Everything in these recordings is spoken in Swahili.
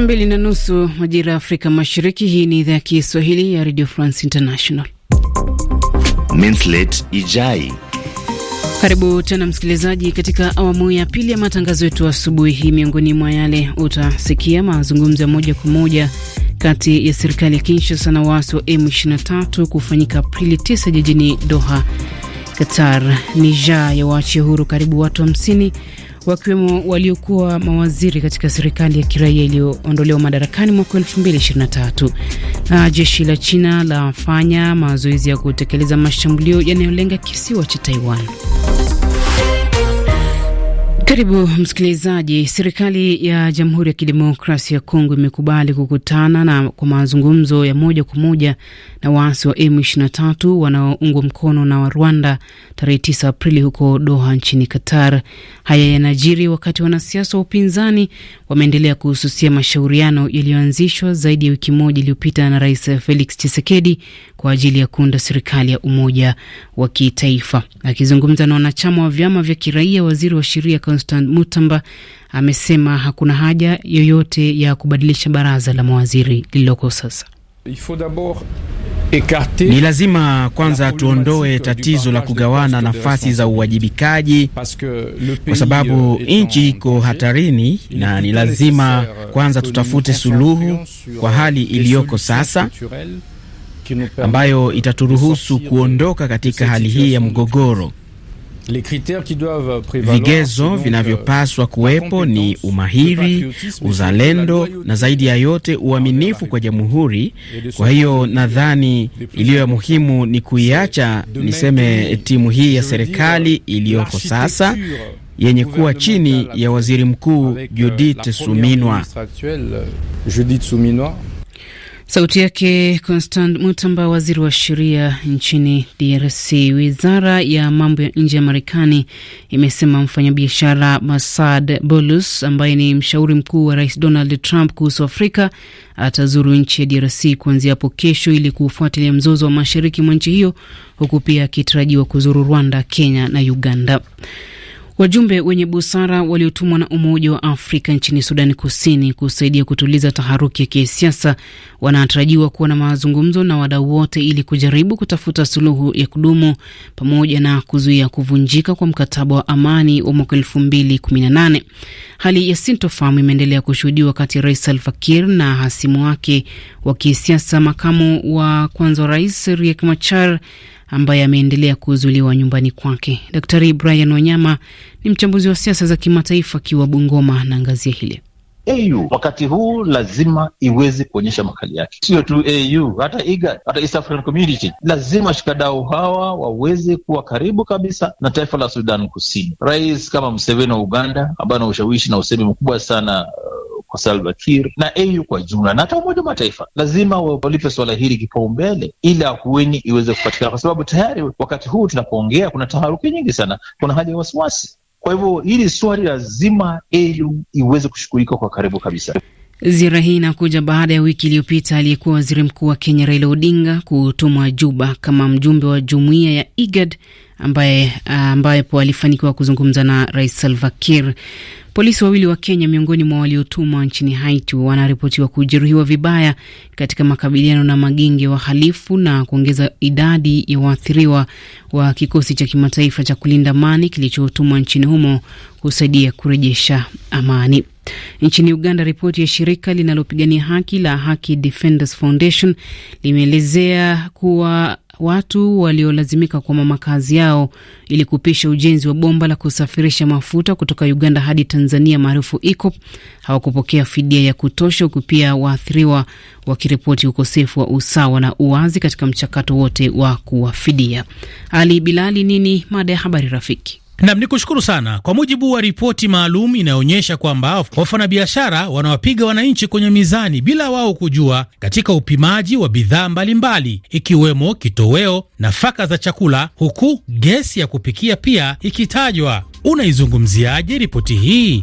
Saa mbili na nusu majira ya Afrika Mashariki. Hii ni idhaa ya Kiswahili ya Radio France International. Minslet Ijai, karibu tena msikilizaji, katika awamu ya pili ya matangazo yetu asubuhi hii. Miongoni mwa yale utasikia mazungumzo ya moja kwa moja kati ya serikali ya Kinshasa na waasi wa M23 kufanyika Aprili 9 jijini Doha, Qatar. Nija ya waachia huru karibu watu 50 wakiwemo waliokuwa mawaziri katika serikali ya kiraia iliyoondolewa madarakani mwaka 2023. Na jeshi la China lafanya mazoezi ya kutekeleza mashambulio yanayolenga kisiwa cha Taiwan. Karibu msikilizaji. Serikali ya Jamhuri ya Kidemokrasia ya Kongo imekubali kukutana na kwa mazungumzo ya moja kwa moja na waasi wa M23 wanaoungwa mkono na Rwanda tarehe 9 Aprili huko Doha nchini Qatar. Haya yanajiri wakati wanasiasa wa upinzani wameendelea kuhususia mashauriano yaliyoanzishwa zaidi ya wiki moja iliyopita na Rais Felix Tshisekedi kwa ajili ya kuunda serikali ya umoja wa kitaifa. Akizungumza na wanachama wa vyama vya kiraia, waziri wa sheria Constant Mutamba amesema hakuna haja yoyote ya kubadilisha baraza la mawaziri lililoko sasa. Ni lazima kwanza tuondoe tatizo la kugawana nafasi za uwajibikaji, kwa sababu euh, nchi iko hatarini, na ni lazima kwanza tutafute suluhu kwa hali iliyoko sasa ambayo itaturuhusu kuondoka katika hali hii ya mgogoro. Vigezo vinavyopaswa euh, kuwepo ni umahiri, uzalendo na zaidi ya yote uaminifu kwa jamhuri. Kwa hiyo nadhani iliyo ya muhimu ni kuiacha, niseme, timu hii ya serikali iliyoko sasa yenye kuwa chini ya waziri mkuu euh, euh, Judith Suminwa. Sauti yake Constant Mutamba, waziri wa sheria nchini DRC. Wizara ya mambo ya nje ya Marekani imesema mfanyabiashara Masad Bolus ambaye ni mshauri mkuu wa rais Donald Trump kuhusu Afrika atazuru nchi ya DRC kuanzia hapo kesho ili kufuatilia mzozo wa mashariki mwa nchi hiyo, huku pia akitarajiwa kuzuru Rwanda, Kenya na Uganda. Wajumbe wenye busara waliotumwa na Umoja wa Afrika nchini Sudani Kusini kusaidia kutuliza taharuki ya kisiasa wanatarajiwa kuwa na mazungumzo na wadau wote ili kujaribu kutafuta suluhu ya kudumu pamoja na kuzuia kuvunjika kwa mkataba wa amani wa mwaka elfu mbili kumi na nane. Hali ya sintofahamu imeendelea kushuhudiwa kati ya Rais Salva Kiir na hasimu wake wa kisiasa, makamu wa kwanza wa rais Riek Machar ambaye ameendelea kuuzuliwa nyumbani kwake. Daktari Brian Wanyama ni mchambuzi wa siasa za kimataifa akiwa Bungoma na ngazia hili AU wakati huu lazima iweze kuonyesha makali yake, sio tu AU, hata IGAD, hata East African Community. Lazima washikadau hawa waweze kuwa karibu kabisa na taifa la Sudan Kusini. Rais kama Museveni wa Uganda, ambaye ana ushawishi na usemi mkubwa sana kwa Salva Kiir na EU kwa jumla na hata Umoja wa Mataifa lazima walipe suala hili kipaumbele, ili akueni iweze kupatikana, kwa sababu tayari wakati huu tunapoongea kuna taharuki nyingi sana, kuna hali ya wasiwasi. Kwa hivyo hili swali lazima EU iweze kushughulika kwa karibu kabisa. Ziara hii inakuja baada ya wiki iliyopita aliyekuwa waziri mkuu wa Kenya Raila Odinga kutumwa Juba kama mjumbe wa jumuiya ya IGAD ambaye ah, ambapo alifanikiwa kuzungumza na Rais Salva Kiir. Polisi wawili wa Kenya miongoni mwa waliotumwa nchini Haiti wanaripotiwa kujeruhiwa vibaya katika makabiliano na magenge wahalifu na kuongeza idadi ya waathiriwa wa kikosi cha kimataifa cha kulinda amani kilichotumwa nchini humo kusaidia kurejesha amani. Nchini Uganda, ripoti ya shirika linalopigania haki la Haki Defenders Foundation limeelezea kuwa watu waliolazimika kuhama makazi yao ili kupisha ujenzi wa bomba la kusafirisha mafuta kutoka Uganda hadi Tanzania maarufu EACOP hawakupokea fidia ya kutosha, huku pia waathiriwa wakiripoti ukosefu wa usawa na uwazi katika mchakato wote wa kuwafidia. Ali Bilali, nini mada ya habari rafiki? Nam ni kushukuru sana. Kwa mujibu wa ripoti maalum inayoonyesha kwamba wafanyabiashara wanawapiga wananchi kwenye mizani bila wao kujua, katika upimaji wa bidhaa mbalimbali ikiwemo kitoweo, nafaka za chakula, huku gesi ya kupikia pia ikitajwa. Unaizungumziaje ripoti hii?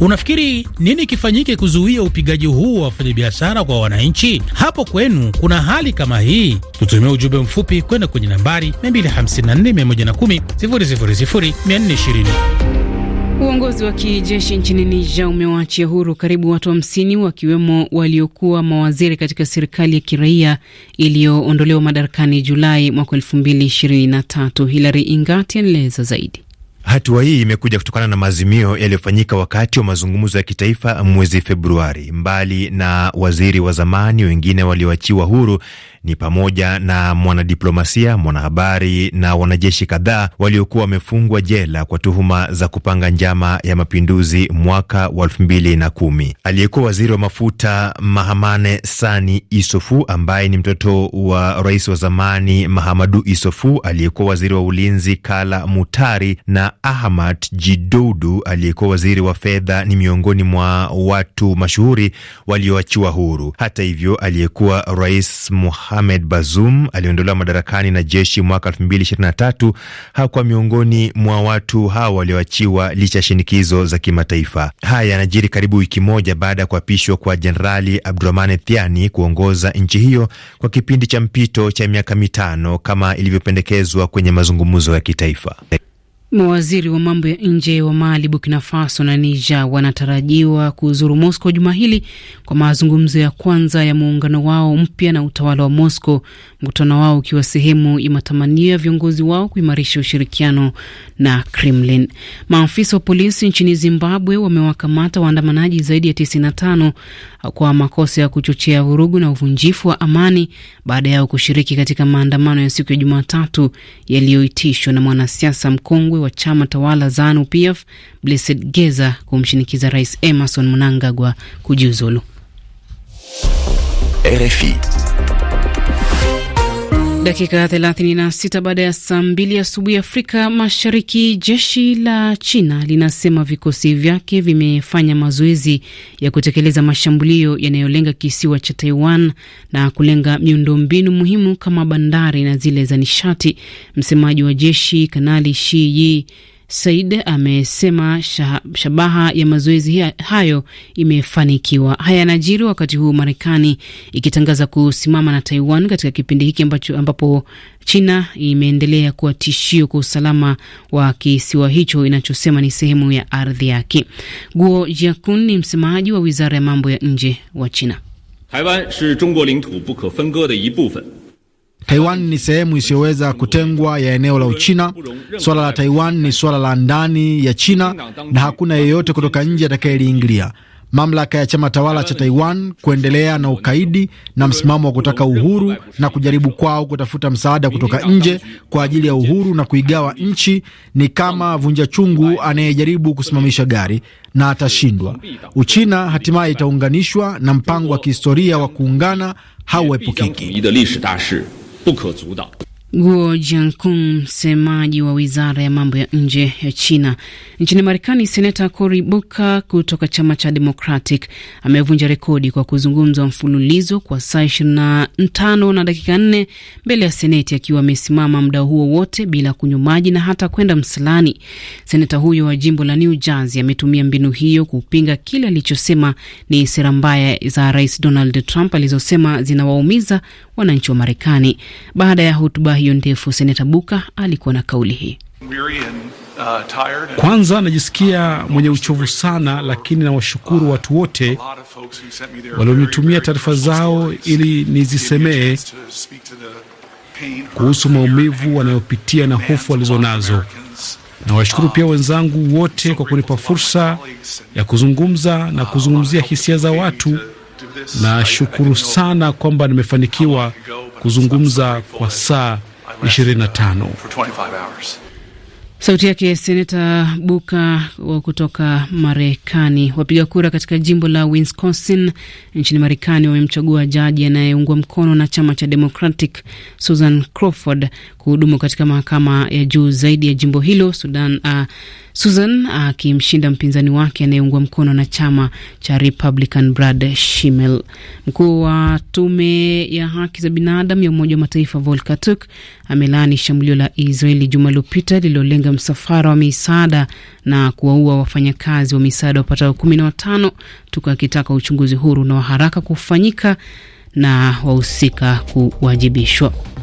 Unafikiri nini kifanyike kuzuia upigaji huu wa wafanyabiashara kwa wananchi? Hapo kwenu kuna hali kama hii? Tutumia ujumbe mfupi kwenda kwenye nambari 254 110 000 420. Uongozi wa kijeshi nchini Niger umewaachia huru karibu watu hamsini wa wakiwemo waliokuwa mawaziri katika serikali ya kiraia iliyoondolewa madarakani Julai mwaka elfu mbili ishirini na tatu. Hilary Ingati anaeleza zaidi. Hatua hii imekuja kutokana na maazimio yaliyofanyika wakati wa mazungumzo ya kitaifa mwezi Februari. Mbali na waziri wa zamani, wengine walioachiwa huru ni pamoja na mwanadiplomasia, mwanahabari na wanajeshi kadhaa waliokuwa wamefungwa jela kwa tuhuma za kupanga njama ya mapinduzi mwaka wa elfu mbili na kumi. Aliyekuwa waziri wa mafuta Mahamane Sani Isofu, ambaye ni mtoto wa rais wa zamani Mahamadu Isofu, aliyekuwa waziri wa ulinzi Kala Mutari na Ahmad Jidoudu aliyekuwa waziri wa fedha ni miongoni mwa watu mashuhuri walioachiwa huru. Hata hivyo, aliyekuwa rais Mohamed Bazoum aliondolewa madarakani na jeshi mwaka 2023 hakuwa miongoni mwa watu hawa walioachiwa licha ya shinikizo za kimataifa. Haya yanajiri karibu wiki moja baada ya kuapishwa kwa Jenerali Abdurahmane Thiani kuongoza nchi hiyo kwa kipindi cha mpito cha miaka mitano kama ilivyopendekezwa kwenye mazungumzo ya kitaifa. Mawaziri wa mambo ya nje wa Mali, Burkina Faso na Niger wanatarajiwa kuzuru Moscow juma hili kwa mazungumzo ya kwanza ya muungano wao mpya na utawala wa Moscow, mkutano wao ukiwa sehemu ya matamanio ya viongozi wao kuimarisha ushirikiano na Kremlin. Maafisa wa polisi nchini Zimbabwe wamewakamata waandamanaji zaidi ya 95 kwa makosa ya kuchochea vurugu na uvunjifu wa amani baada yao kushiriki katika maandamano ya siku ya Jumatatu yaliyoitishwa na mwanasiasa mkongwe wa chama tawala ZANU PF Blessed Geza kumshinikiza Rais Emerson Mnangagwa kujiuzulu. RFI Dakika 36 baada ya saa mbili asubuhi Afrika Mashariki, jeshi la China linasema vikosi vyake vimefanya mazoezi ya kutekeleza mashambulio yanayolenga kisiwa cha Taiwan na kulenga miundombinu muhimu kama bandari na zile za nishati. Msemaji wa jeshi Kanali Shi Yi Said amesema shabaha ya mazoezi hayo imefanikiwa. Haya yanajiri wakati huu Marekani ikitangaza kusimama na Taiwan katika kipindi hiki ambacho ambapo China imeendelea kuwa tishio kwa usalama wa kisiwa hicho inachosema ni sehemu ya ardhi yake. Guo Jiakun ni msemaji wa wizara ya mambo ya nje wa China. Taiwan ni sehemu isiyoweza kutengwa ya eneo la Uchina. Swala la Taiwan ni swala la ndani ya China na hakuna yeyote kutoka nje atakayeliingilia. Mamlaka ya chama tawala cha Taiwan kuendelea na ukaidi na msimamo wa kutaka uhuru na kujaribu kwao kutafuta msaada kutoka nje kwa ajili ya uhuru na kuigawa nchi ni kama vunja chungu anayejaribu kusimamisha gari na atashindwa. Uchina hatimaye itaunganishwa na mpango wa kihistoria wa kuungana hauepukiki. 不可阻挡。Guo Jiankun, msemaji wa wizara ya mambo ya nje ya China. Nchini Marekani, seneta Cory Booker kutoka chama cha Democratic amevunja rekodi kwa kuzungumza mfululizo kwa saa 25 na tano na dakika nne mbele ya Seneti, akiwa amesimama muda huo wote bila kunywa maji na hata kwenda msalani. Seneta huyo wa jimbo la New Jersey ametumia mbinu hiyo kupinga kile alichosema ni sera mbaya za Rais Donald Trump alizosema zinawaumiza wananchi wa Marekani. Baada ya hotuba hiyo ndefu, seneta Buka alikuwa na kauli hii. Uh, Kwanza najisikia mwenye uchovu sana, lakini nawashukuru watu wote walionitumia taarifa zao ili nizisemee kuhusu maumivu wanayopitia na hofu walizonazo. Nawashukuru pia uh, wenzangu wote kwa kunipa fursa ya kuzungumza uh, na kuzungumzia hisia za watu. Nashukuru sana kwamba nimefanikiwa kuzungumza kwa saa na tano Sauti yake Seneta Buka kutoka Marekani. Wapiga kura katika jimbo la Wisconsin nchini Marekani wamemchagua jaji anayeungwa mkono na chama cha Democratic Susan Crawford kuhudumu katika mahakama ya juu zaidi ya jimbo hilo Sudan, uh, Susan akimshinda uh, mpinzani wake anayeungwa mkono na chama cha Republican Brad Shimel. Mkuu wa tume ya haki za binadamu ya Umoja wa Mataifa Volker Turk amelaani shambulio la Israeli juma lililopita lililolenga msafara wa misaada na kuwaua wafanyakazi wa misaada wapatao kumi na watano, akitaka uchunguzi huru na wa haraka kufanyika na wahusika kuwajibishwa.